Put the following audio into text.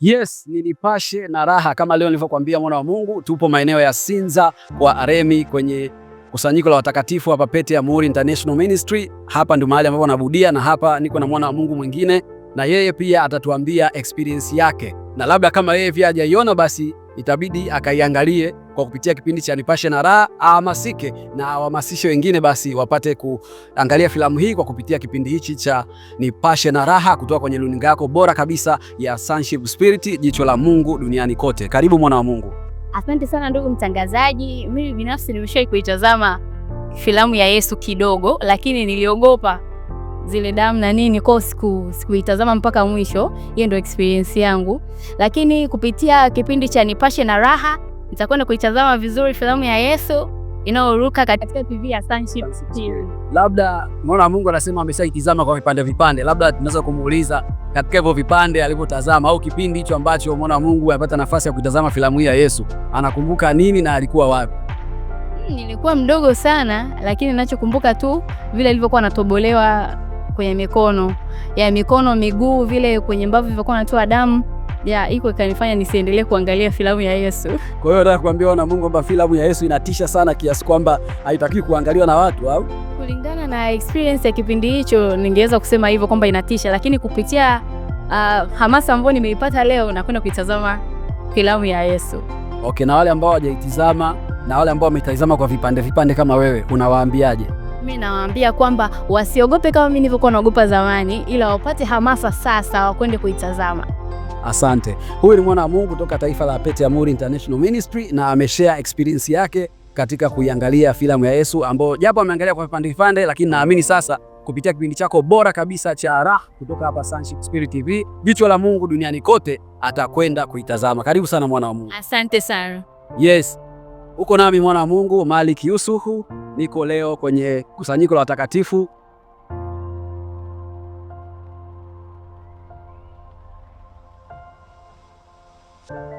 Yes, ni Nipashe na Raha. Kama leo nilivyokuambia, mwana wa Mungu, tupo maeneo ya Sinza kwa Aremi kwenye kusanyiko la watakatifu hapa Pete ya Muhuri International Ministry. Hapa ndio mahali ambapo anabudia na hapa niko na mwana wa Mungu mwingine, na yeye pia atatuambia experience yake, na labda kama yeye pia hajaiona, basi itabidi akaiangalie kwa kupitia kipindi cha Nipashe na Raha ahamasike na awahamasishe wengine basi wapate kuangalia filamu hii kwa kupitia kipindi hichi cha Nipashe na Raha kutoka kwenye luninga yako bora kabisa ya Sonship Spirit, jicho la Mungu duniani kote. Karibu mwana wa Mungu. Asante sana ndugu mtangazaji. Mimi binafsi nimeshawahi kuitazama filamu ya Yesu kidogo, lakini niliogopa zile damu na nini, kwa siku sikuitazama mpaka mwisho. Hiyo ndio experience yangu, lakini kupitia kipindi cha Nipashe na Raha nitakwenda kuitazama vizuri filamu ya Yesu inayoruka katika TV ya Sonship TV. Labda wa Mungu anasema ameshaitizama kwa vipande vipande, labda tunaweza kumuuliza katika hivyo vipande alivyotazama au kipindi hicho ambacho wa Mungu amepata nafasi ya kuitazama filamu hii ya Yesu, anakumbuka nini na alikuwa wapi? Hmm, nilikuwa mdogo sana, lakini ninachokumbuka tu vile alivyokuwa anatobolewa kwenye mikono ya mikono miguu, vile kwenye mbavu vilivyokuwa natoa damu ya hiko ikanifanya nisiendelee kuangalia filamu ya Yesu. Kwa hiyo nataka kuambia wana Mungu kwamba filamu ya Yesu inatisha sana kiasi kwamba haitakiwi kuangaliwa na watu au kulingana na experience ya kipindi hicho, ningeweza kusema hivyo kwamba inatisha, lakini kupitia uh, hamasa ambayo nimeipata leo nakwenda kuitazama filamu ya Yesu. Okay, na wale ambao hawajaitizama na wale ambao wametazama kwa vipande vipande kama wewe unawaambiaje? Mi nawaambia kwamba wasiogope kama mi nilivyokuwa naogopa zamani, ila wapate hamasa sasa, wakwende kuitazama. Asante. Huyu ni mwana wa Mungu kutoka taifa la Pete Amuri International Ministry na ameshare experience yake katika kuiangalia filamu ya Yesu ambayo japo ameangalia kwa vipande vipande, lakini naamini sasa kupitia kipindi chako bora kabisa cha Rah kutoka hapa Sonship Spirit TV, jicho la Mungu duniani kote, atakwenda kuitazama. Karibu sana mwana wa Mungu. Asante sana. Yes, uko nami mwana wa Mungu Malik Yusufu, niko leo kwenye kusanyiko la watakatifu Bye.